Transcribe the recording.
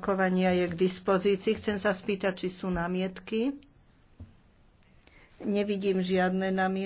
rokovania je k dispozícii. Chcem sa spýtať, či sú námietky. Nevidím žiadne námietky.